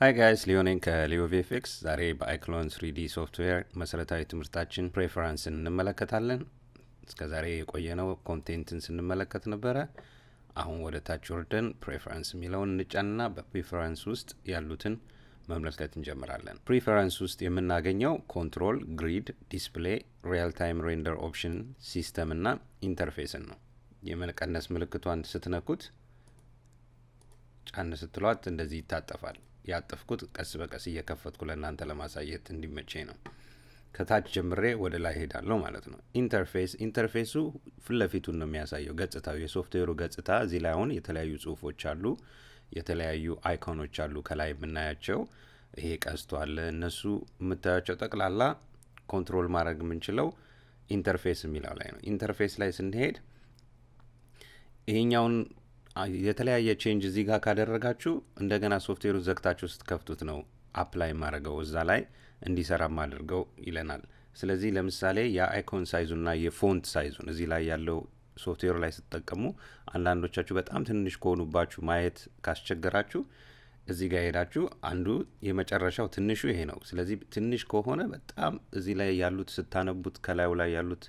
ሀይ ጋይስ ሊዮኔን ከሊዮ ቪኤፍኤክስ። ዛሬ በአይክሎን ስሪዲ ሶፍትዌር መሰረታዊ ትምህርታችን ፕሬፈራንስን እንመለከታለን። እስከ ዛሬ የቆየነው ኮንቴንትን ስንመለከት ነበረ። አሁን ወደ ታች ወርደን ፕሬፈራንስ የሚለውን እንጫንና በፕሪፈራንስ ውስጥ ያሉትን መመልከት እንጀምራለን። ፕሪፈራንስ ውስጥ የምናገኘው ኮንትሮል፣ ግሪድ፣ ዲስፕሌይ፣ ሪያል ታይም ሬንደር ኦፕሽን፣ ሲስተም እና ኢንተርፌስን ነው። የመቀነስ ምልክቷን ስትነኩት ጫን ስትሏት እንደዚህ ይታጠፋል። ያጠፍኩት ቀስ በቀስ እየከፈትኩ ለእናንተ ለማሳየት እንዲመቼ ነው። ከታች ጀምሬ ወደ ላይ ሄዳለሁ ማለት ነው። ኢንተርፌስ ኢንተርፌሱ ፊት ለፊቱን ነው የሚያሳየው፣ ገጽታው የሶፍትዌሩ ገጽታ። እዚህ ላይ አሁን የተለያዩ ጽሁፎች አሉ፣ የተለያዩ አይኮኖች አሉ። ከላይ የምናያቸው ይሄ ቀስቶ አለ። እነሱ የምታያቸው ጠቅላላ ኮንትሮል ማድረግ የምንችለው ኢንተርፌስ የሚለው ላይ ነው። ኢንተርፌስ ላይ ስንሄድ ይሄኛውን የተለያየ ቼንጅ እዚህ ጋር ካደረጋችሁ እንደገና ሶፍትዌሩ ዘግታችሁ ስትከፍቱት ነው አፕላይ ማድረገው እዛ ላይ እንዲሰራም አድርገው ይለናል። ስለዚህ ለምሳሌ የአይኮን ሳይዙና የፎንት ሳይዙን እዚህ ላይ ያለው ሶፍትዌሩ ላይ ስትጠቀሙ አንዳንዶቻችሁ በጣም ትንሽ ከሆኑባችሁ ማየት ካስቸገራችሁ እዚህ ጋር ሄዳችሁ አንዱ የመጨረሻው ትንሹ ይሄ ነው። ስለዚህ ትንሽ ከሆነ በጣም እዚህ ላይ ያሉት ስታነቡት ከላዩ ላይ ያሉት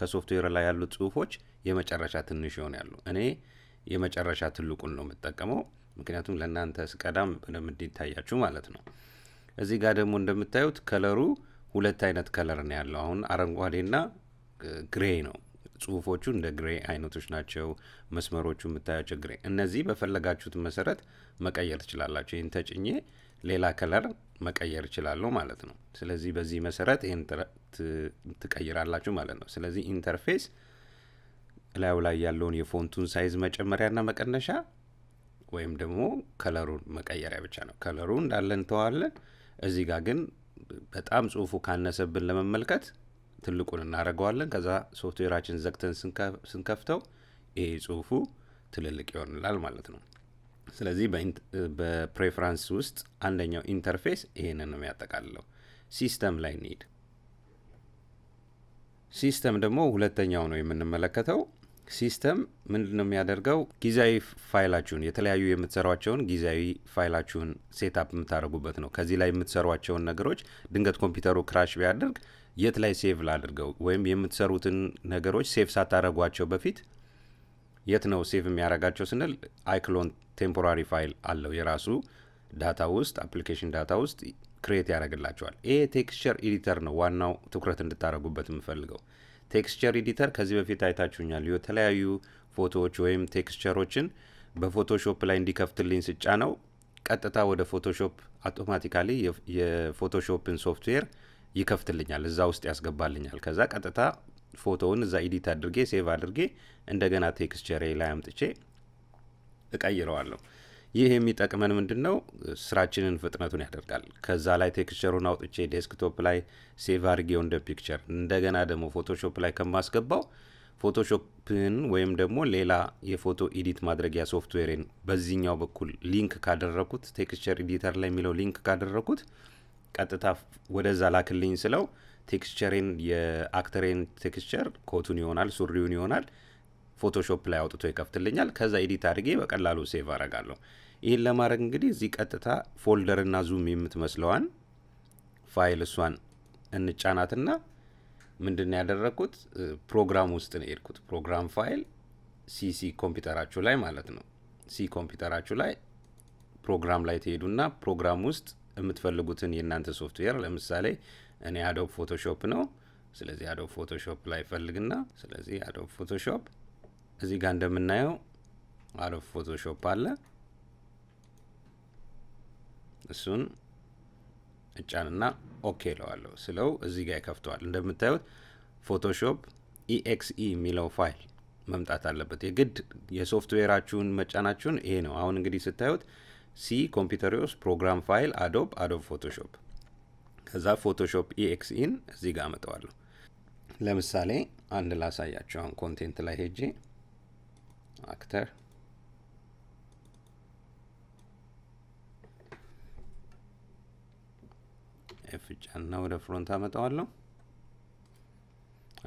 ከሶፍትዌር ላይ ያሉት ጽሁፎች የመጨረሻ ትንሽ ይሆን ያሉ እኔ የመጨረሻ ትልቁን ነው የምጠቀመው። ምክንያቱም ለእናንተ ስቀዳም በደንብ እንዲታያችሁ ማለት ነው። እዚህ ጋር ደግሞ እንደምታዩት ከለሩ ሁለት አይነት ከለር ነው ያለው። አሁን አረንጓዴና ግሬ ነው። ጽሁፎቹ እንደ ግሬ አይነቶች ናቸው። መስመሮቹ የምታያቸው ግሬ። እነዚህ በፈለጋችሁት መሰረት መቀየር ትችላላቸው ይህን ተጭኜ ሌላ ከለር መቀየር ይችላለሁ ማለት ነው። ስለዚህ በዚህ መሰረት ይህን ትቀይራላችሁ ማለት ነው። ስለዚህ ኢንተርፌስ እላዩ ላይ ያለውን የፎንቱን ሳይዝ መጨመሪያና መቀነሻ ወይም ደግሞ ከለሩን መቀየሪያ ብቻ ነው። ከለሩ እንዳለ እንተዋለን። እዚህ ጋር ግን በጣም ጽሁፉ ካነሰብን ለመመልከት ትልቁን እናደርገዋለን። ከዛ ሶፍትዌራችን ዘግተን ስንከፍተው ይሄ ጽሁፉ ትልልቅ ይሆንላል ማለት ነው። ስለዚህ በፕሬፈራንስ ውስጥ አንደኛው ኢንተርፌስ ይሄንን ነው የሚያጠቃልለው። ሲስተም ላይ እንሂድ። ሲስተም ደግሞ ሁለተኛው ነው የምንመለከተው ሲስተም ምንድን ነው የሚያደርገው? ጊዜያዊ ፋይላችሁን የተለያዩ የምትሰሯቸውን ጊዜያዊ ፋይላችሁን ሴታፕ የምታደርጉበት ነው። ከዚህ ላይ የምትሰሯቸውን ነገሮች ድንገት ኮምፒውተሩ ክራሽ ቢያደርግ የት ላይ ሴቭ ላድርገው፣ ወይም የምትሰሩትን ነገሮች ሴቭ ሳታደረጓቸው በፊት የት ነው ሴቭ የሚያደርጋቸው ስንል አይክሎን ቴምፖራሪ ፋይል አለው የራሱ ዳታ ውስጥ አፕሊኬሽን ዳታ ውስጥ ክሬት ያደርግላቸዋል። ይሄ ቴክስቸር ኤዲተር ነው ዋናው ትኩረት እንድታደረጉበት የምፈልገው ቴክስቸር ኤዲተር ከዚህ በፊት አይታችሁኛል። የተለያዩ ፎቶዎች ወይም ቴክስቸሮችን በፎቶሾፕ ላይ እንዲከፍትልኝ ስጫ ነው ቀጥታ ወደ ፎቶሾፕ አውቶማቲካሊ የፎቶሾፕን ሶፍትዌር ይከፍትልኛል፣ እዛ ውስጥ ያስገባልኛል። ከዛ ቀጥታ ፎቶውን እዛ ኤዲት አድርጌ ሴቭ አድርጌ እንደገና ቴክስቸሬ ላይ አምጥቼ እቀይረዋለሁ። ይህ የሚጠቅመን ምንድን ነው? ስራችንን ፍጥነቱን ያደርጋል። ከዛ ላይ ቴክስቸሩን አውጥቼ ዴስክቶፕ ላይ ሴቭ አድርጌው እንደ ፒክቸር እንደገና ደግሞ ፎቶሾፕ ላይ ከማስገባው ፎቶሾፕን ወይም ደግሞ ሌላ የፎቶ ኢዲት ማድረጊያ ሶፍትዌርን በዚህኛው በኩል ሊንክ ካደረኩት ቴክስቸር ኤዲተር ላይ የሚለው ሊንክ ካደረኩት ቀጥታ ወደዛ ላክልኝ ስለው ቴክስቸሬን የአክተሬን ቴክስቸር ኮቱን ይሆናል ሱሪውን ይሆናል ፎቶሾፕ ላይ አውጥቶ ይከፍትልኛል። ከዛ ኤዲት አድርጌ በቀላሉ ሴቭ አረጋለሁ። ይህን ለማድረግ እንግዲህ እዚህ ቀጥታ ፎልደርና ዙም የምትመስለዋን ፋይል እሷን እንጫናትና ምንድን ያደረግኩት ፕሮግራም ውስጥ ነው የሄድኩት። ፕሮግራም ፋይል ሲሲ ኮምፒውተራችሁ ላይ ማለት ነው። ሲ ኮምፒውተራችሁ ላይ ፕሮግራም ላይ ትሄዱና ፕሮግራም ውስጥ የምትፈልጉትን የእናንተ ሶፍትዌር ለምሳሌ እኔ አዶብ ፎቶሾፕ ነው። ስለዚህ አዶብ ፎቶሾፕ ላይ ፈልግና ስለዚህ አዶብ ፎቶሾፕ እዚህ ጋር እንደምናየው አዶብ ፎቶሾፕ አለ። እሱን እጫንና ኦኬ ለዋለሁ ስለው እዚህ ጋር ይከፍተዋል። እንደምታዩት ፎቶሾፕ ኢኤክስኢ የሚለው ፋይል መምጣት አለበት የግድ የሶፍትዌራችሁን መጫናችሁን ይሄ ነው። አሁን እንግዲህ ስታዩት ሲ ኮምፒውተር ውስጥ ፕሮግራም ፋይል አዶብ አዶብ ፎቶሾፕ ከዛ ፎቶሾፕ ኢኤክስኢን እዚህ ጋር አመጣዋለሁ። ለምሳሌ አንድ ላሳያችሁ። አሁን ኮንቴንት ላይ ሄጄ አክተር ኤፍ ጫና ወደ ፍሮንት አመጣዋለሁ።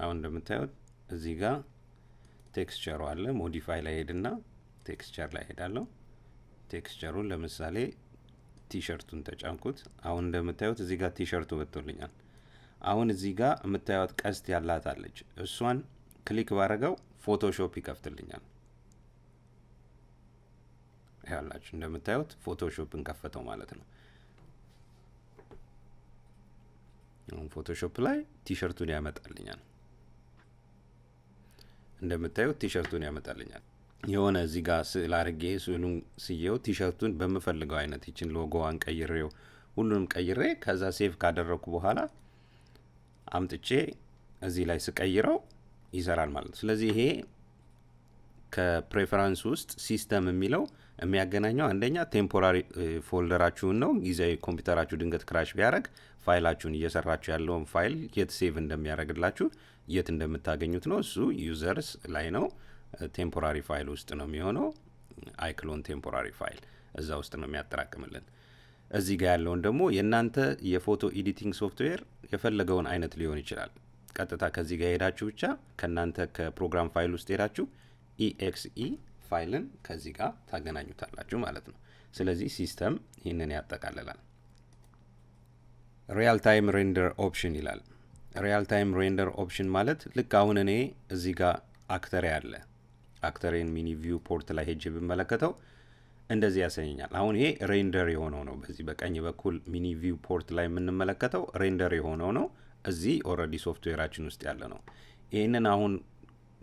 አሁን እንደምታዩት እዚህ ጋር ቴክስቸሩ አለ። ሞዲፋይ ላይ ሄድና ቴክስቸር ላይ ሄዳለሁ። ቴክስቸሩን ለምሳሌ ቲሸርቱን ተጫንኩት። አሁን እንደምታዩት እዚህ ጋር ቲሸርቱ ወጥቶልኛል። አሁን እዚህ ጋር የምታዩት ቀስት ያላት እሷን ክሊክ ባረገው ፎቶሾፕ ይከፍትልኛል። ያላችሁ እንደምታዩት ፎቶሾፕን ከፈተው ማለት ነው። አሁን ፎቶሾፕ ላይ ቲሸርቱን ያመጣልኛል። እንደምታዩት ቲሸርቱን ያመጣልኛል። የሆነ እዚህ ጋር ስዕል አርጌ ስዕሉን ስየው ቲሸርቱን በምፈልገው አይነት ይችን ሎጎዋን ቀይሬው ሁሉንም ቀይሬ ከዛ ሴቭ ካደረግኩ በኋላ አምጥቼ እዚህ ላይ ስቀይረው ይሰራል ማለት ነው። ስለዚህ ይሄ ከፕሬፈራንስ ውስጥ ሲስተም የሚለው የሚያገናኘው አንደኛ ቴምፖራሪ ፎልደራችሁን ነው። ጊዜያዊ ኮምፒውተራችሁ ድንገት ክራሽ ቢያደረግ ፋይላችሁን እየሰራችሁ ያለውን ፋይል የት ሴቭ እንደሚያደርግላችሁ የት እንደምታገኙት ነው። እሱ ዩዘርስ ላይ ነው። ቴምፖራሪ ፋይል ውስጥ ነው የሚሆነው። አይክሎን ቴምፖራሪ ፋይል እዛ ውስጥ ነው የሚያጠራቅምልን። እዚህ ጋር ያለውን ደግሞ የእናንተ የፎቶ ኤዲቲንግ ሶፍትዌር የፈለገውን አይነት ሊሆን ይችላል። ቀጥታ ከዚህ ጋር ሄዳችሁ ብቻ ከእናንተ ከፕሮግራም ፋይል ውስጥ ሄዳችሁ ኢኤክስኢ ፋይልን ከዚህ ጋር ታገናኙታላችሁ ማለት ነው። ስለዚህ ሲስተም ይህንን ያጠቃልላል። ሪያል ታይም ሬንደር ኦፕሽን ይላል። ሪያል ታይም ሬንደር ኦፕሽን ማለት ልክ አሁን እኔ እዚህ ጋር አክተሬ አለ አክተሬን ሚኒ ቪው ፖርት ላይ ሄጅ ብመለከተው እንደዚህ ያሰኘኛል። አሁን ይሄ ሬንደር የሆነው ነው። በዚህ በቀኝ በኩል ሚኒ ቪው ፖርት ላይ የምንመለከተው ሬንደር የሆነው ነው። እዚህ ኦልሬዲ ሶፍትዌራችን ውስጥ ያለ ነው። ይህንን አሁን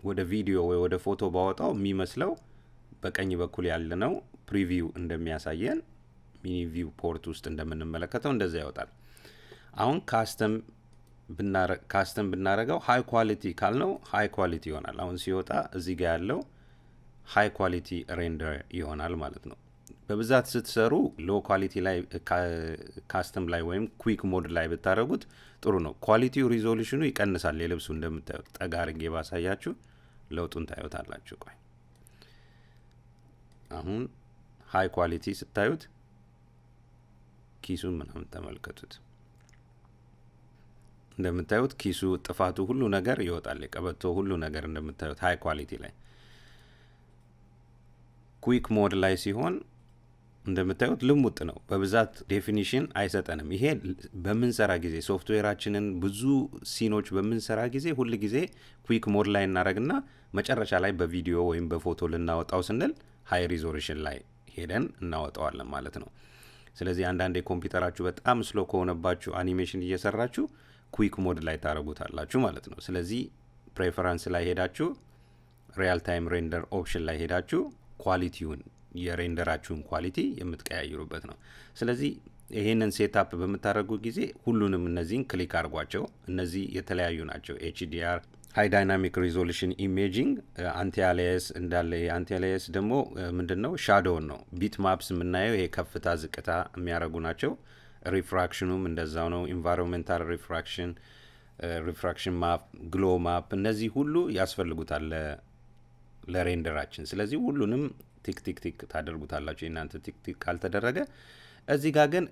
ወደ ቪዲዮ ወይ ወደ ፎቶ ባወጣው የሚመስለው በቀኝ በኩል ያለነው ፕሪቪው እንደሚያሳየን ሚኒ ቪው ፖርት ውስጥ እንደምንመለከተው እንደዛ ይወጣል። አሁን ካስተም ብናረገው ሀይ ኳሊቲ ካልነው ሀይ ኳሊቲ ይሆናል። አሁን ሲወጣ እዚህ ጋ ያለው ሀይ ኳሊቲ ሬንደር ይሆናል ማለት ነው። በብዛት ስትሰሩ ሎ ኳሊቲ ላይ ካስተም ላይ ወይም ኩዊክ ሞድ ላይ ብታደረጉት ጥሩ ነው። ኳሊቲው ሪዞሉሽኑ ይቀንሳል። የልብሱ እንደምታዩት ጠጋ አርጌ ባሳያችሁ ለውጡን ታዩታላችሁ። ቆይ አሁን ሀይ ኳሊቲ ስታዩት ኪሱን ምናምን ተመልከቱት። እንደምታዩት ኪሱ ጥፋቱ ሁሉ ነገር ይወጣል። የቀበቶ ሁሉ ነገር እንደምታዩት ሀይ ኳሊቲ ላይ ኩዊክ ሞድ ላይ ሲሆን እንደምታዩት ልሙጥ ነው። በብዛት ዴፊኒሽን አይሰጠንም። ይሄ በምንሰራ ጊዜ ሶፍትዌራችንን ብዙ ሲኖች በምንሰራ ጊዜ ሁል ጊዜ ኩዊክ ሞድ ላይ እናደረግና መጨረሻ ላይ በቪዲዮ ወይም በፎቶ ልናወጣው ስንል ሀይ ሪዞሉሽን ላይ ሄደን እናወጣዋለን ማለት ነው። ስለዚህ አንዳንዴ ኮምፒውተራችሁ በጣም ስሎ ከሆነባችሁ አኒሜሽን እየሰራችሁ ኩዊክ ሞድ ላይ ታደረጉታላችሁ ማለት ነው። ስለዚህ ፕሬፈረንስ ላይ ሄዳችሁ ሪያል ታይም ሬንደር ኦፕሽን ላይ ሄዳችሁ ኳሊቲውን የሬንደራችሁን ኳሊቲ የምትቀያይሩበት ነው። ስለዚህ ይሄንን ሴታፕ በምታደርጉ ጊዜ ሁሉንም እነዚህን ክሊክ አድርጓቸው። እነዚህ የተለያዩ ናቸው ኤችዲአር ሃይ ዳይናሚክ ሪዞሉሽን ኢሜጂንግ አንቲያሊያስ እንዳለ አንቲያሊያስ ደግሞ uh, ምንድን ነው ሻዶውን ነው። ቢት ማፕስ የምናየው ይሄ ከፍታ ዝቅታ የሚያደርጉ ናቸው። ሪፍራክሽኑም እንደዛው ነው። ኢንቫይሮንሜንታል ሪፍራክሽን፣ ሪፍራክሽን ማፕ፣ ግሎ ማፕ እነዚህ ሁሉ ያስፈልጉታል ለሬንደራችን። ስለዚህ ሁሉንም ቲክ ቲክ ቲክ ታደርጉታላችሁ የእናንተ ቲክ ቲክ ካልተደረገ እዚህ ጋር ግን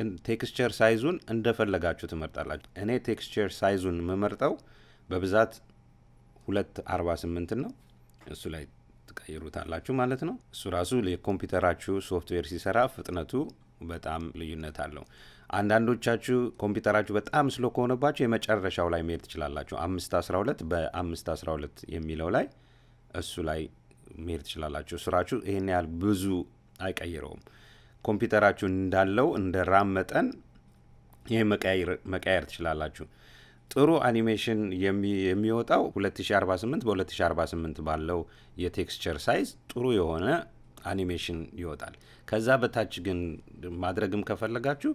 uh, ቴክስቸር ሳይዙን እንደፈለጋችሁ ትመርጣላችሁ። እኔ ቴክስቸር ሳይዙን የምመርጠው በብዛት ሁለት አርባ ስምንት ነው። እሱ ላይ ትቀይሩታላችሁ ማለት ነው። እሱ ራሱ የኮምፒውተራችሁ ሶፍትዌር ሲሰራ ፍጥነቱ በጣም ልዩነት አለው። አንዳንዶቻችሁ ኮምፒውተራችሁ በጣም ስሎ ከሆነባችሁ የመጨረሻው ላይ መሄድ ትችላላችሁ። አምስት አስራ ሁለት በአምስት አስራ ሁለት የሚለው ላይ እሱ ላይ መሄድ ትችላላችሁ። ስራችሁ ይህን ያህል ብዙ አይቀይረውም። ኮምፒውተራችሁ እንዳለው እንደ ራም መጠን ይህ መቀያየር ትችላላችሁ። ጥሩ አኒሜሽን የሚወጣው 2048 በ2048 ባለው የቴክስቸር ሳይዝ ጥሩ የሆነ አኒሜሽን ይወጣል። ከዛ በታች ግን ማድረግም ከፈለጋችሁ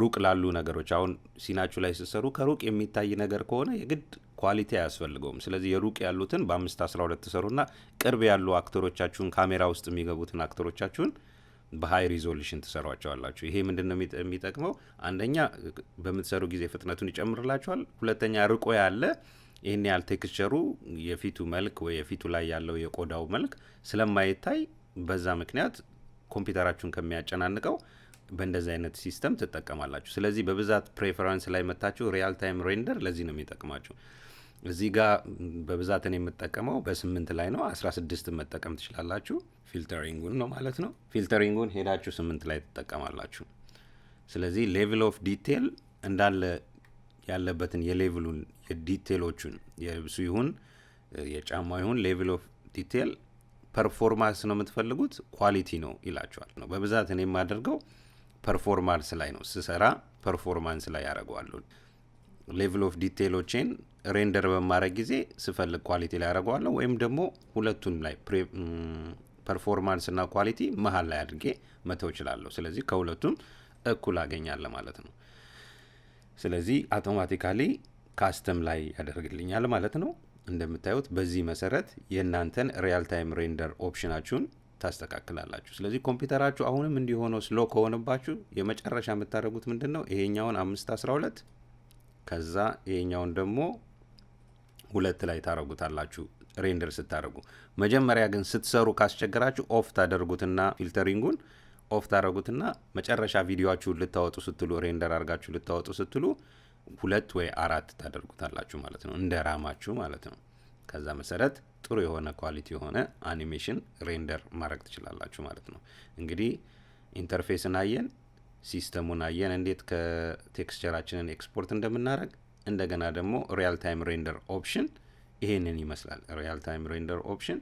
ሩቅ ላሉ ነገሮች አሁን ሲናችሁ ላይ ስትሰሩ ከሩቅ የሚታይ ነገር ከሆነ የግድ ኳሊቲ አያስፈልገውም። ስለዚህ የሩቅ ያሉትን በአምስት አስራ ሁለት ሰሩና ቅርብ ያሉ አክተሮቻችሁን ካሜራ ውስጥ የሚገቡትን አክተሮቻችሁን በሀይ ሪዞሉሽን ትሰሯቸዋላችሁ። ይሄ ምንድን ነው የሚጠቅመው? አንደኛ በምትሰሩ ጊዜ ፍጥነቱን ይጨምርላችኋል። ሁለተኛ ርቆ ያለ ይህን ያህል ቴክስቸሩ የፊቱ መልክ ወይ የፊቱ ላይ ያለው የቆዳው መልክ ስለማይታይ በዛ ምክንያት ኮምፒውተራችሁን ከሚያጨናንቀው በእንደዚህ አይነት ሲስተም ትጠቀማላችሁ። ስለዚህ በብዛት ፕሬፈረንስ ላይ መታችሁ ሪያል ታይም ሬንደር ለዚህ ነው የሚጠቅማችሁ። እዚህ ጋር በብዛት እኔ የምጠቀመው በስምንት ላይ ነው። አስራ ስድስት መጠቀም ትችላላችሁ። ፊልተሪንጉን ነው ማለት ነው። ፊልተሪንጉን ሄዳችሁ ስምንት ላይ ትጠቀማላችሁ። ስለዚህ ሌቭል ኦፍ ዲቴል እንዳለ ያለበትን የሌቭሉን የዲቴሎቹን የልብሱ ይሁን የጫማ ይሁን ሌቭል ኦፍ ዲቴል ፐርፎርማንስ ነው የምትፈልጉት ኳሊቲ ነው ይላቸዋል። ነው በብዛት እኔ የማደርገው ፐርፎርማንስ ላይ ነው ስሰራ፣ ፐርፎርማንስ ላይ ያደርገዋለሁ። ሌቭል ኦፍ ዲቴይሎቼን ሬንደር በማድረግ ጊዜ ስፈልግ ኳሊቲ ላይ ያደረገዋለሁ ወይም ደግሞ ሁለቱን ላይ ፐርፎርማንስ mm, እና ኳሊቲ መሀል ላይ አድርጌ መተው እችላለሁ። ስለዚህ ከሁለቱም እኩል አገኛለ ማለት ነው። ስለዚህ አውቶማቲካሊ ካስተም ላይ ያደርግልኛል ማለት ነው። እንደምታዩት በዚህ መሰረት የእናንተን ሪያል ታይም ሬንደር ኦፕሽናችሁን ታስተካክላላችሁ። ስለዚህ ኮምፒውተራችሁ አሁንም እንዲሆነው ስሎ ከሆነባችሁ የመጨረሻ የምታደርጉት ምንድን ነው? ይሄኛውን አምስት አስራ ሁለት ከዛ ይሄኛውን ደግሞ ሁለት ላይ ታረጉታላችሁ ሬንደር ስታደርጉ። መጀመሪያ ግን ስትሰሩ ካስቸገራችሁ ኦፍ ታደርጉትና ፊልተሪንጉን ኦፍ ታደረጉትና መጨረሻ ቪዲዮችሁን ልታወጡ ስትሉ ሬንደር አድርጋችሁ ልታወጡ ስትሉ ሁለት ወይ አራት ታደርጉታላችሁ ማለት ነው፣ እንደ ራማችሁ ማለት ነው። ከዛ መሰረት ጥሩ የሆነ ኳሊቲ የሆነ አኒሜሽን ሬንደር ማድረግ ትችላላችሁ ማለት ነው። እንግዲህ ኢንተርፌስን አየን። ሲስተሙን አየን፣ እንዴት ከቴክስቸራችንን ኤክስፖርት እንደምናደረግ እንደገና ደግሞ ሪያል ታይም ሬንደር ኦፕሽን ይሄንን ይመስላል። ሪያል ታይም ሬንደር ኦፕሽን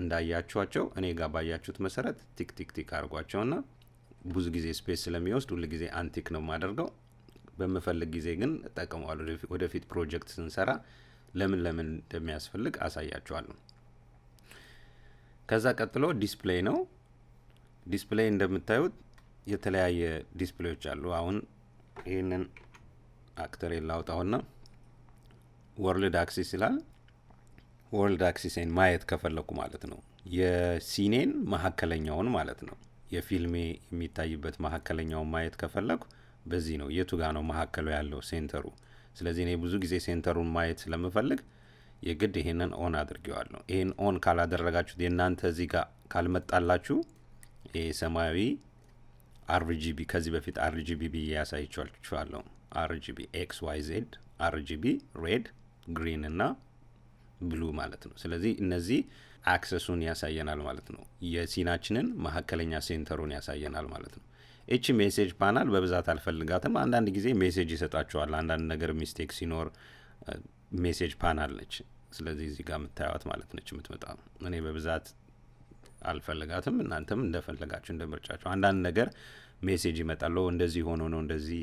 እንዳያችኋቸው እኔ ጋር ባያችሁት መሰረት ቲክ ቲክ ቲክ አድርጓቸውና ብዙ ጊዜ ስፔስ ስለሚወስድ ሁል ጊዜ አንቲክ ነው የማደርገው። በምፈልግ ጊዜ ግን እጠቀመዋለሁ። ወደፊት ፕሮጀክት ስንሰራ ለምን ለምን እንደሚያስፈልግ አሳያችኋለሁ። ከዛ ቀጥሎ ዲስፕሌይ ነው። ዲስፕሌይ እንደምታዩት የተለያየ ዲስፕሌዎች አሉ። አሁን ይህንን አክተር ላውጣውና ወርልድ አክሲስ ይላል። ወርልድ አክሲሴን ማየት ከፈለኩ ማለት ነው የሲኔን መሀከለኛውን ማለት ነው የፊልሜ የሚታይበት መሀከለኛውን ማየት ከፈለኩ በዚህ ነው። የቱ ጋ ነው መሀከሉ ያለው ሴንተሩ? ስለዚህ እኔ ብዙ ጊዜ ሴንተሩን ማየት ስለምፈልግ የግድ ይሄንን ኦን አድርጌዋለሁ። ይህን ኦን ካላደረጋችሁት የእናንተ እዚህ ጋር ካልመጣላችሁ ይሄ ሰማያዊ አርጂቢ ከዚህ በፊት አርጂቢ ብዬ ያሳይችኋለሁ። አርጂቢ ኤክስ ዋይ ዜድ፣ አርጂቢ ሬድ፣ ግሪን እና ብሉ ማለት ነው። ስለዚህ እነዚህ አክሰሱን ያሳየናል ማለት ነው። የሲናችንን መካከለኛ ሴንተሩን ያሳየናል ማለት ነው። ይቺ ሜሴጅ ፓናል በብዛት አልፈልጋትም። አንዳንድ ጊዜ ሜሴጅ ይሰጣችኋል። አንዳንድ ነገር ሚስቴክ ሲኖር ሜሴጅ ፓናል ነች። ስለዚህ እዚህ ጋር የምታዩት ማለት ነች የምትመጣ። እኔ በብዛት አልፈልጋትም። እናንተም እንደፈለጋችሁ እንደምርጫቸው አንዳንድ ነገር ሜሴጅ ይመጣል። እንደዚህ ሆኖ ነው እንደዚህ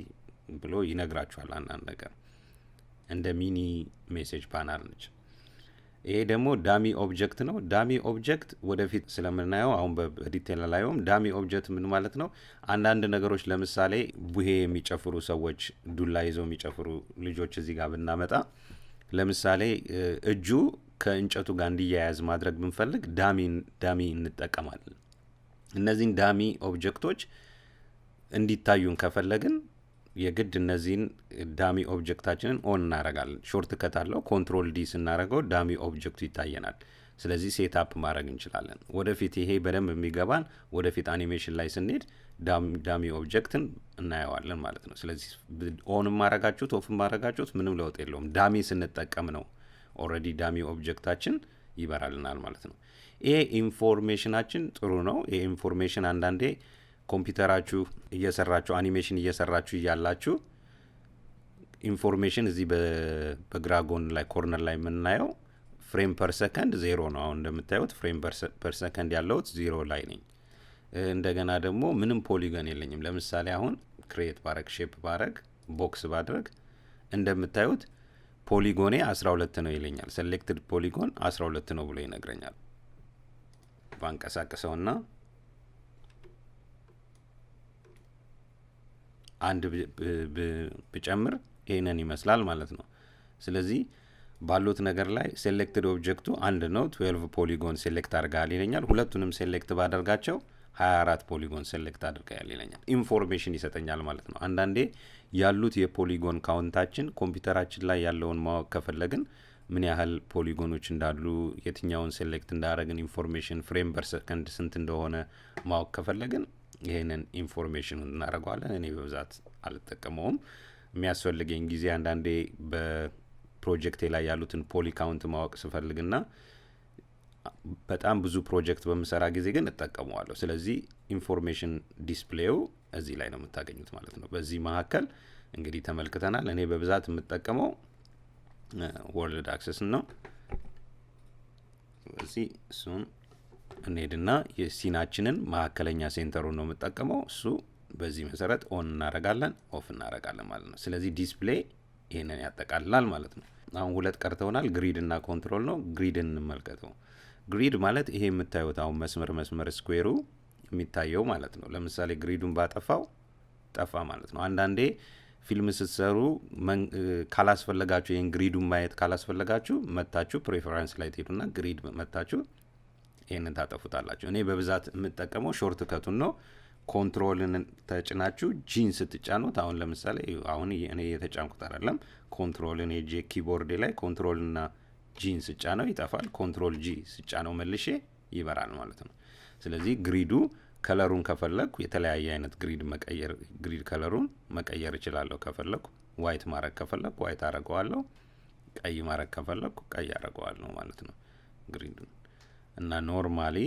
ብሎ ይነግራችኋል። አንዳንድ ነገር እንደ ሚኒ ሜሴጅ ፓናል ነች። ይሄ ደግሞ ዳሚ ኦብጀክት ነው። ዳሚ ኦብጀክት ወደፊት ስለምናየው አሁን በዲቴል ላይም ዳሚ ኦብጀክት ምን ማለት ነው? አንዳንድ ነገሮች ለምሳሌ ቡሄ የሚጨፍሩ ሰዎች፣ ዱላ ይዘው የሚጨፍሩ ልጆች እዚህ ጋር ብናመጣ ለምሳሌ እጁ ከእንጨቱ ጋር እንዲያያዝ ማድረግ ብንፈልግ ዳሚ ዳሚ እንጠቀማለን። እነዚህን ዳሚ ኦብጀክቶች እንዲታዩን ከፈለግን የግድ እነዚህን ዳሚ ኦብጀክታችንን ኦን እናረጋለን። ሾርት ከት አለው። ኮንትሮል ዲ ስናረገው ዳሚ ኦብጀክቱ ይታየናል። ስለዚህ ሴት አፕ ማድረግ እንችላለን። ወደፊት ይሄ በደንብ የሚገባን ወደፊት አኒሜሽን ላይ ስንሄድ ዳሚ ኦብጀክትን እናየዋለን ማለት ነው። ስለዚህ ኦን ማረጋችሁት ኦፍ ማረጋችሁት ምንም ለውጥ የለውም። ዳሚ ስንጠቀም ነው ኦልሬዲ ዳሚ ኦብጀክታችን ይበራልናል ማለት ነው። ይሄ ኢንፎርሜሽናችን ጥሩ ነው። ይሄ ኢንፎርሜሽን አንዳንዴ ኮምፒውተራችሁ እየሰራችሁ አኒሜሽን እየሰራችሁ እያላችሁ ኢንፎርሜሽን እዚህ በግራ ጎን ላይ ኮርነር ላይ የምናየው ፍሬም ፐር ሰከንድ ዜሮ ነው። አሁን እንደምታዩት ፍሬም ፐር ሰከንድ ያለውት ዜሮ ላይ ነኝ። እንደገና ደግሞ ምንም ፖሊጎን የለኝም። ለምሳሌ አሁን ክሬት ባረግ ሼፕ ባረግ ቦክስ ባድረግ እንደምታዩት ፖሊጎኔ 12 ነው ይለኛል። ሴሌክትድ ፖሊጎን 12 ነው ብሎ ይነግረኛል። ባንቀሳቅሰውና አንድ ብጨምር ይህንን ይመስላል ማለት ነው። ስለዚህ ባሉት ነገር ላይ ሴሌክትድ ኦብጀክቱ አንድ ነው። ትዌልቭ ፖሊጎን ሴሌክት አድርገሃል ይለኛል። ሁለቱንም ሴሌክት ባደርጋቸው 24 ፖሊጎን ሴሌክት አድርገሃል ይለኛል። ኢንፎርሜሽን ይሰጠኛል ማለት ነው። አንዳንዴ ያሉት የፖሊጎን ካውንታችን ኮምፒውተራችን ላይ ያለውን ማወቅ ከፈለግን ምን ያህል ፖሊጎኖች እንዳሉ የትኛውን ሴሌክት እንዳደረግን ኢንፎርሜሽን ፍሬም ፐር ሰከንድ ስንት እንደሆነ ማወቅ ከፈለግን ይህንን ኢንፎርሜሽን እናደርገዋለን። እኔ በብዛት አልጠቀመውም። የሚያስፈልገኝ ጊዜ አንዳንዴ በፕሮጀክቴ ላይ ያሉትን ፖሊ ካውንት ማወቅ ስፈልግና በጣም ብዙ ፕሮጀክት በምሰራ ጊዜ ግን እጠቀመዋለሁ። ስለዚህ ኢንፎርሜሽን ዲስፕሌው እዚህ ላይ ነው የምታገኙት ማለት ነው። በዚህ መካከል እንግዲህ ተመልክተናል። እኔ በብዛት የምጠቀመው ወርልድ አክሰስን ነው። ስለዚህ እሱን እንሄድና የሲናችንን መካከለኛ ሴንተሩን ነው የምጠቀመው። እሱ በዚህ መሰረት ኦን እናረጋለን፣ ኦፍ እናረጋለን ማለት ነው። ስለዚህ ዲስፕሌይ ይህንን ያጠቃልላል ማለት ነው። አሁን ሁለት ቀርተውናል። ግሪድ እና ኮንትሮል ነው። ግሪድ እንመልከተው። ግሪድ ማለት ይሄ የምታዩት አሁን መስመር መስመር ስኩዌሩ የሚታየው ማለት ነው። ለምሳሌ ግሪዱን ባጠፋው ጠፋ ማለት ነው። አንዳንዴ ፊልም ስትሰሩ ካላስፈለጋችሁ ይህን ግሪዱን ማየት ካላስፈለጋችሁ መታችሁ ፕሬፈረንስ ላይ ትሄዱና ግሪድ መታችሁ ይህንን ታጠፉታላችሁ። እኔ በብዛት የምጠቀመው ሾርት ከቱን ነው። ኮንትሮልን ተጭናችሁ ጂን ስትጫኑት አሁን ለምሳሌ አሁን እኔ እየተጫንኩት አይደለም። ኮንትሮልን የጄ ኪቦርዴ ላይ ኮንትሮልና ጂን ስጫነው ይጠፋል። ኮንትሮል ጂ ስጫነው መልሼ ይበራል ማለት ነው። ስለዚህ ግሪዱ ከለሩን ከፈለግኩ የተለያየ አይነት ግሪድ መቀየር ግሪድ ከለሩን መቀየር እችላለሁ። ከፈለግኩ ዋይት ማድረግ ከፈለግኩ ዋይት አረገዋለሁ። ቀይ ማድረግ ከፈለግኩ ቀይ አረገዋለሁ ማለት ነው ግሪዱን እና ኖርማሊ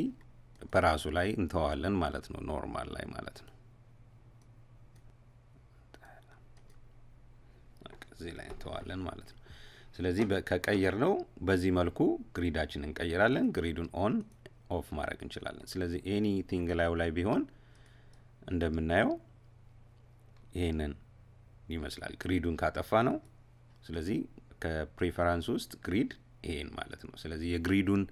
በራሱ ላይ እንተዋለን ማለት ነው። ኖርማል ላይ ማለት ነው። እዚህ ላይ እንተዋለን ማለት ነው። ስለዚህ ከቀየር ነው በዚህ መልኩ ግሪዳችን እንቀይራለን። ግሪዱን ኦን ኦፍ ማድረግ እንችላለን። ስለዚህ ኤኒቲንግ ላዩ ላይ ቢሆን እንደምናየው ይህንን ይመስላል። ግሪዱን ካጠፋ ነው። ስለዚህ ከፕሪፈራንስ ውስጥ ግሪድ ይሄን ማለት ነው። ስለዚህ የግሪዱን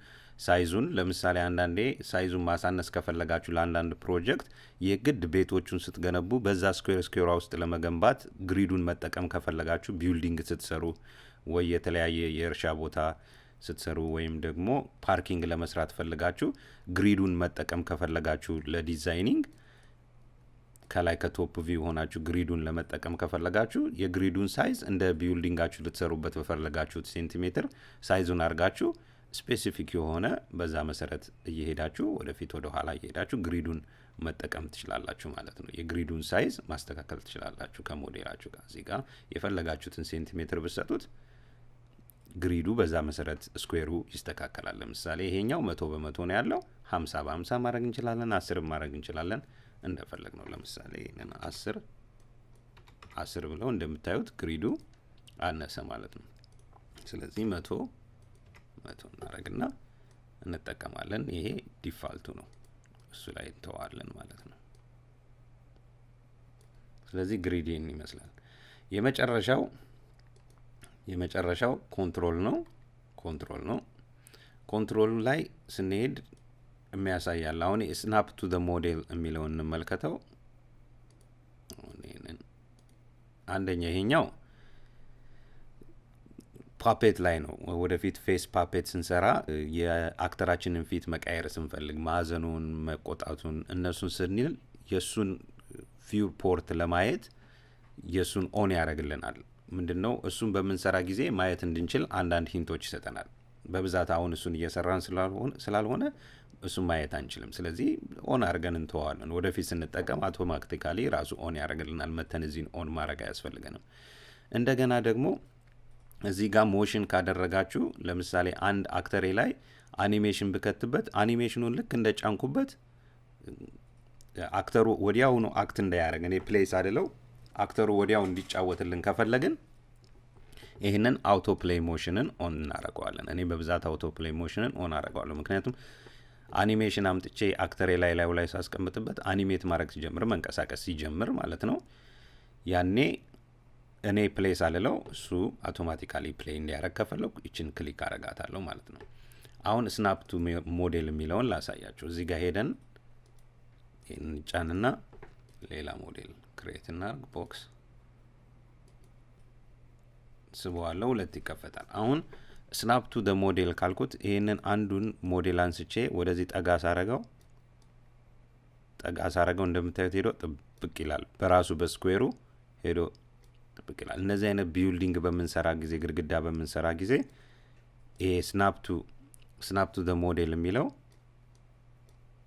ሳይዙን ለምሳሌ አንዳንዴ ሳይዙን ማሳነስ ከፈለጋችሁ ለአንዳንድ ፕሮጀክት የግድ ቤቶቹን ስትገነቡ በዛ ስኩዌር ስኩዌሯ ውስጥ ለመገንባት ግሪዱን መጠቀም ከፈለጋችሁ ቢልዲንግ ስትሰሩ ወይ የተለያየ የእርሻ ቦታ ስትሰሩ ወይም ደግሞ ፓርኪንግ ለመስራት ፈልጋችሁ ግሪዱን መጠቀም ከፈለጋችሁ ለዲዛይኒንግ ከላይ ከቶፕ ቪው ሆናችሁ ግሪዱን ለመጠቀም ከፈለጋችሁ የግሪዱን ሳይዝ እንደ ቢውልዲንጋችሁ ልትሰሩበት በፈለጋችሁት ሴንቲሜትር ሳይዙን አድርጋችሁ ስፔሲፊክ የሆነ በዛ መሰረት እየሄዳችሁ ወደፊት ወደ ኋላ እየሄዳችሁ ግሪዱን መጠቀም ትችላላችሁ ማለት ነው። የግሪዱን ሳይዝ ማስተካከል ትችላላችሁ ከሞዴላችሁ ጋር። እዚህ ጋር የፈለጋችሁትን ሴንቲሜትር ብሰጡት ግሪዱ በዛ መሰረት ስኩዌሩ ይስተካከላል። ለምሳሌ ይሄኛው መቶ በመቶ ነው ያለው፣ ሀምሳ በሀምሳ ማድረግ እንችላለን፣ አስር ማድረግ እንችላለን እንደፈለግ ነው። ለምሳሌ ይህንን አስር አስር ብለው እንደምታዩት ግሪዱ አነሰ ማለት ነው። ስለዚህ መቶ መቶ እንጠቀማለን። ይሄ ዲፋልቱ ነው፣ እሱ ላይ እንተዋለን ማለት ነው። ስለዚህ ግሪዲን ይመስላል። የመጨረሻው የመጨረሻው ኮንትሮል ነው ኮንትሮል ነው። ላይ ስንሄድ የሚያሳያል። አሁን ስናፕ ቱ ሞዴል የሚለውን እንመልከተው። አንደኛ ይሄኛው ፓፔት ላይ ነው። ወደፊት ፌስ ፓፔት ስንሰራ የአክተራችንን ፊት መቃየር ስንፈልግ ማዕዘኑን፣ መቆጣቱን እነሱን ስንል የእሱን ቪው ፖርት ለማየት የእሱን ኦን ያደርግልናል። ምንድን ነው እሱን በምንሰራ ጊዜ ማየት እንድንችል አንዳንድ ሂንቶች ይሰጠናል። በብዛት አሁን እሱን እየሰራን ስላልሆነ እሱን ማየት አንችልም። ስለዚህ ኦን አድርገን እንተዋዋለን። ወደፊት ስንጠቀም አውቶማቲካሊ ራሱ ኦን ያደርግልናል። መተን እዚህን ኦን ማድረግ አያስፈልገንም። እንደገና ደግሞ እዚህ ጋር ሞሽን ካደረጋችሁ ለምሳሌ አንድ አክተሬ ላይ አኒሜሽን ብከትበት አኒሜሽኑን ልክ እንደጫንኩበት አክተሩ ወዲያውኑ አክት እንዳያደረግ እኔ ፕሌስ አድለው አክተሩ ወዲያው እንዲጫወትልን ከፈለግን ይህንን አውቶ ፕሌይ ሞሽንን ኦን እናደረገዋለን። እኔ በብዛት አውቶ ፕሌይ ሞሽንን ኦን አደረገዋለሁ። ምክንያቱም አኒሜሽን አምጥቼ አክተሬ ላይ ላዩ ላይ ሳስቀምጥበት አኒሜት ማድረግ ሲጀምር መንቀሳቀስ ሲጀምር ማለት ነው ያኔ እኔ ፕሌይ ሳልለው እሱ አውቶማቲካሊ ፕሌይ እንዲያደረግ ከፈለኩ ይችን ክሊክ አረጋታለሁ ማለት ነው። አሁን ስናፕቱ ሞዴል የሚለውን ላሳያቸው። እዚህ ጋር ሄደን ይህን ጫንና ሌላ ሞዴል ክሬት እናርግ። ቦክስ ስበዋለሁ፣ ሁለት ይከፈታል። አሁን ስናፕቱ ደ ሞዴል ካልኩት ይህንን አንዱን ሞዴል አንስቼ ወደዚህ ጠጋ ሳረገው ጠጋ ሳረገው እንደምታዩት ሄዶ ጥብቅ ይላል በራሱ በስኩዌሩ ሄዶ ብቅ ይላል። እነዚህ አይነት ቢውልዲንግ በምንሰራ ጊዜ፣ ግድግዳ በምንሰራ ጊዜ ይሄ ስናፕቱ ስናፕቱ ደ ሞዴል የሚለው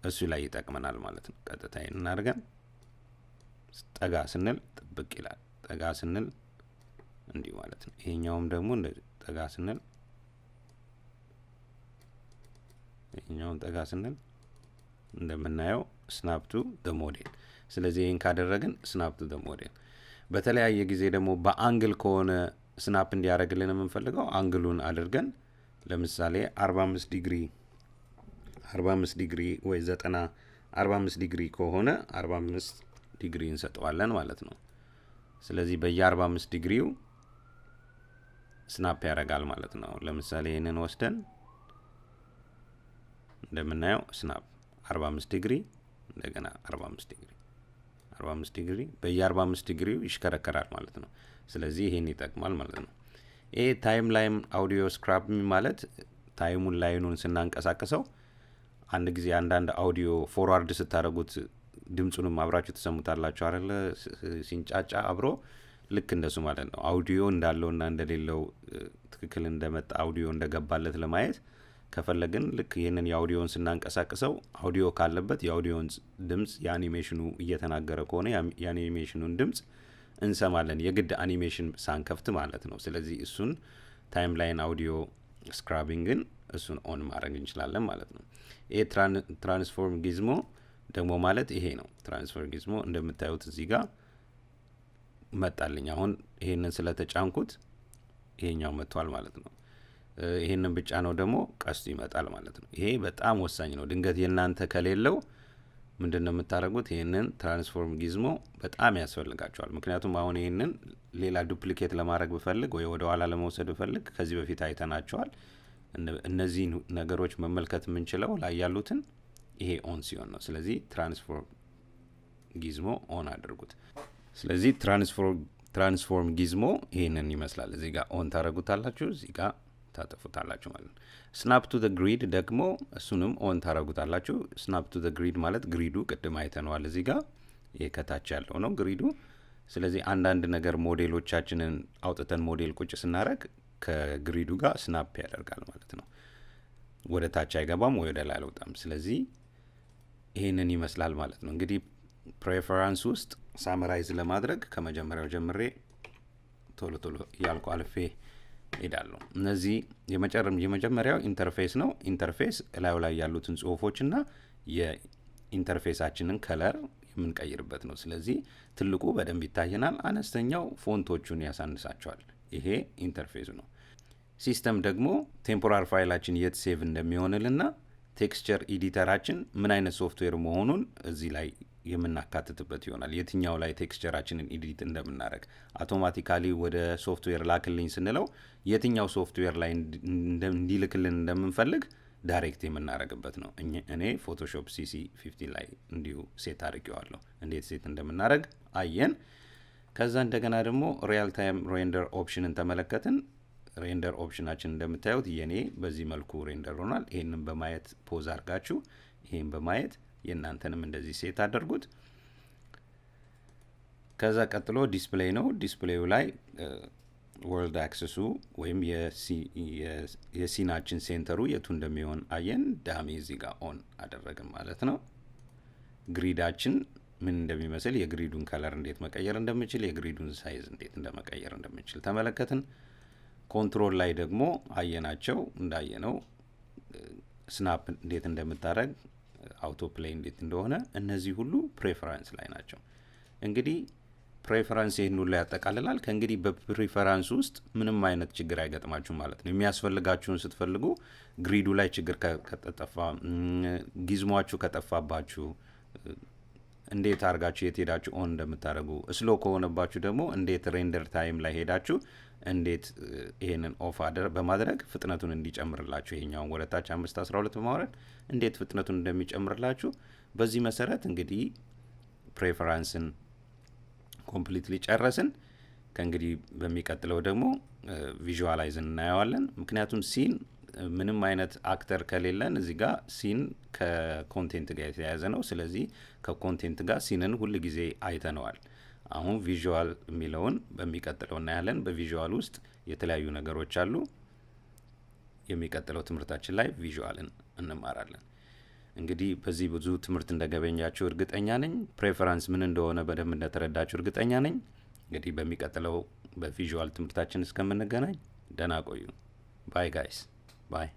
እሱ ላይ ይጠቅመናል ማለት ነው። ቀጥታ እናደርገን ጠጋ ስንል ጥብቅ ይላል። ጠጋ ስንል እንዲህ ማለት ነው። ይሄኛውም ደግሞ እንደዚህ ጠጋ ስንል ይሄኛውም ጠጋ ስንል እንደምናየው ስናፕቱ ደ ሞዴል። ስለዚህ ይህን ካደረግን ስናፕቱ ደ ሞዴል በተለያየ ጊዜ ደግሞ በአንግል ከሆነ ስናፕ እንዲያደርግልን የምንፈልገው አንግሉን አድርገን ለምሳሌ 45 ዲግሪ 45 ዲግሪ ወይ 90 45 ዲግሪ ከሆነ 45 ዲግሪ እንሰጠዋለን ማለት ነው። ስለዚህ በየ45 ዲግሪው ስናፕ ያደርጋል ማለት ነው። ለምሳሌ ይህንን ወስደን እንደምናየው ስናፕ 45 ዲግሪ እንደገና 45 ዲግሪ 45 ዲግሪ በየ45 ዲግሪው ይሽከረከራል ማለት ነው። ስለዚህ ይህን ይጠቅማል ማለት ነው። ይሄ ታይም ላይን አውዲዮ ስክራፕ ማለት ታይሙን ላይኑን ስናንቀሳቀሰው አንድ ጊዜ አንዳንድ አውዲዮ ፎርዋርድ ስታደረጉት ድምፁንም አብራችሁ ትሰሙታላችሁ አለ ሲንጫጫ አብሮ ልክ እንደሱ ማለት ነው። አውዲዮ እንዳለውና እንደሌለው ትክክል እንደመጣ አውዲዮ እንደገባለት ለማየት ከፈለግን ልክ ይህንን የአውዲዮን ስናንቀሳቅሰው አውዲዮ ካለበት የአውዲዮን ድምፅ የአኒሜሽኑ እየተናገረ ከሆነ የአኒሜሽኑን ድምፅ እንሰማለን። የግድ አኒሜሽን ሳንከፍት ማለት ነው። ስለዚህ እሱን ታይም ላይን አውዲዮ ስክራቢንግን እሱን ኦን ማድረግ እንችላለን ማለት ነው። ይሄ ትራንስፎርም ጊዝሞ ደግሞ ማለት ይሄ ነው። ትራንስፎርም ጊዝሞ እንደምታዩት እዚህ ጋር መጣልኝ። አሁን ይሄንን ስለተጫንኩት ይሄኛው መጥቷል ማለት ነው። ይሄንን ብቻ ነው ደግሞ ቀስቱ ይመጣል ማለት ነው። ይሄ በጣም ወሳኝ ነው። ድንገት የእናንተ ከሌለው ምንድን ነው የምታደርጉት? ይህንን ትራንስፎርም ጊዝሞ በጣም ያስፈልጋቸዋል። ምክንያቱም አሁን ይህንን ሌላ ዱፕሊኬት ለማድረግ ብፈልግ ወይ ወደ ኋላ ለመውሰድ ብፈልግ ከዚህ በፊት አይተናቸዋል። እነዚህ ነገሮች መመልከት የምንችለው ላይ ያሉትን ይሄ ኦን ሲሆን ነው። ስለዚህ ትራንስፎርም ጊዝሞ ኦን አድርጉት። ስለዚህ ትራንስፎርም ጊዝሞ ይህንን ይመስላል። እዚህ ጋር ኦን ታደረጉታላችሁ። እዚህ ጋር ታጠፉታላችሁ ማለት ነው። ስናፕ ቱ ግሪድ ደግሞ እሱንም ኦን ታረጉታላችሁ። ስናፕ ቱ ግሪድ ማለት ግሪዱ ቅድም አይተነዋል እዚህ ጋር ይህ ከታች ያለው ነው ግሪዱ። ስለዚህ አንዳንድ ነገር ሞዴሎቻችንን አውጥተን ሞዴል ቁጭ ስናደረግ ከግሪዱ ጋር ስናፕ ያደርጋል ማለት ነው። ወደ ታች አይገባም፣ ወደ ላይ አልወጣም። ስለዚህ ይህንን ይመስላል ማለት ነው። እንግዲህ ፕሬፈራንስ ውስጥ ሳምራይዝ ለማድረግ ከመጀመሪያው ጀምሬ ቶሎ ቶሎ እያልኩ አልፌ ሄዳለሁ። እነዚህ የመጀመሪያው ኢንተርፌስ ነው። ኢንተርፌስ እላዩ ላይ ያሉትን ጽሁፎች እና የኢንተርፌሳችንን ከለር የምንቀይርበት ነው። ስለዚህ ትልቁ በደንብ ይታየናል፣ አነስተኛው ፎንቶቹን ያሳንሳቸዋል። ይሄ ኢንተርፌሱ ነው። ሲስተም ደግሞ ቴምፖራር ፋይላችን የት ሴቭ እንደሚሆንልና ቴክስቸር ኢዲተራችን ምን አይነት ሶፍትዌር መሆኑን እዚህ ላይ የምናካትትበት ይሆናል። የትኛው ላይ ቴክስቸራችንን ኢዲት እንደምናደረግ አውቶማቲካሊ ወደ ሶፍትዌር ላክልኝ ስንለው የትኛው ሶፍትዌር ላይ እንዲልክልን እንደምንፈልግ ዳይሬክት የምናደረግበት ነው። እኔ ፎቶሾፕ ሲሲ ፊፍቲ ላይ እንዲሁ ሴት አድርጌዋለሁ። እንዴት ሴት እንደምናደረግ አየን። ከዛ እንደገና ደግሞ ሪያል ታይም ሬንደር ኦፕሽንን ተመለከትን። ሬንደር ኦፕሽናችን እንደምታዩት የኔ በዚህ መልኩ ሬንደር ሆኗል። ይህንን በማየት ፖዝ አድርጋችሁ ይህን በማየት የእናንተንም እንደዚህ ሴት አድርጉት። ከዛ ቀጥሎ ዲስፕሌይ ነው። ዲስፕሌዩ ላይ ወርልድ አክሰሱ ወይም የሲናችን ሴንተሩ የቱ እንደሚሆን አየን። ዳሜ እዚህ ጋር ኦን አደረግን ማለት ነው። ግሪዳችን ምን እንደሚመስል የግሪዱን ከለር እንዴት መቀየር እንደምችል የግሪዱን ሳይዝ እንዴት እንደመቀየር እንደምችል ተመለከትን። ኮንትሮል ላይ ደግሞ አየናቸው። እንዳየነው ስናፕ እንዴት እንደምታደረግ አውቶ ፕሌይ እንዴት እንደሆነ እነዚህ ሁሉ ፕሬፈረንስ ላይ ናቸው። እንግዲህ ፕሬፈረንስ ይህን ሁሉ ያጠቃልላል። ከእንግዲህ በፕሬፈረንስ ውስጥ ምንም አይነት ችግር አይገጥማችሁ ማለት ነው። የሚያስፈልጋችሁን ስትፈልጉ ግሪዱ ላይ ችግር ከጠፋ ጊዝሟችሁ ከጠፋባችሁ እንዴት አድርጋችሁ የት ሄዳችሁ ኦን እንደምታደርጉ፣ ስሎ ከሆነባችሁ ደግሞ እንዴት ሬንደር ታይም ላይ ሄዳችሁ እንዴት ይሄንን ኦፍ አደር በማድረግ ፍጥነቱን እንዲጨምርላችሁ ይሄኛውን ወደታች አምስት አስራ ሁለት በማውረድ እንዴት ፍጥነቱን እንደሚጨምርላችሁ በዚህ መሰረት እንግዲህ ፕሬፈራንስን ኮምፕሊትሊ ጨረስን። ከእንግዲህ በሚቀጥለው ደግሞ ቪዥዋላይዝ እናየዋለን። ምክንያቱም ሲን ምንም አይነት አክተር ከሌለን እዚህ ጋር ሲን ከኮንቴንት ጋር የተያያዘ ነው። ስለዚህ ከኮንቴንት ጋር ሲንን ሁል ጊዜ አይተነዋል። አሁን ቪዥዋል የሚለውን በሚቀጥለው እናያለን። በቪዥዋል ውስጥ የተለያዩ ነገሮች አሉ። የሚቀጥለው ትምህርታችን ላይ ቪዥዋልን እንማራለን። እንግዲህ በዚህ ብዙ ትምህርት እንደገበኛችሁ እርግጠኛ ነኝ። ፕሬፈራንስ ምን እንደሆነ በደንብ እንደተረዳችሁ እርግጠኛ ነኝ። እንግዲህ በሚቀጥለው በቪዥዋል ትምህርታችን እስከምንገናኝ ደህና ቆዩ። ባይ ጋይስ ባይ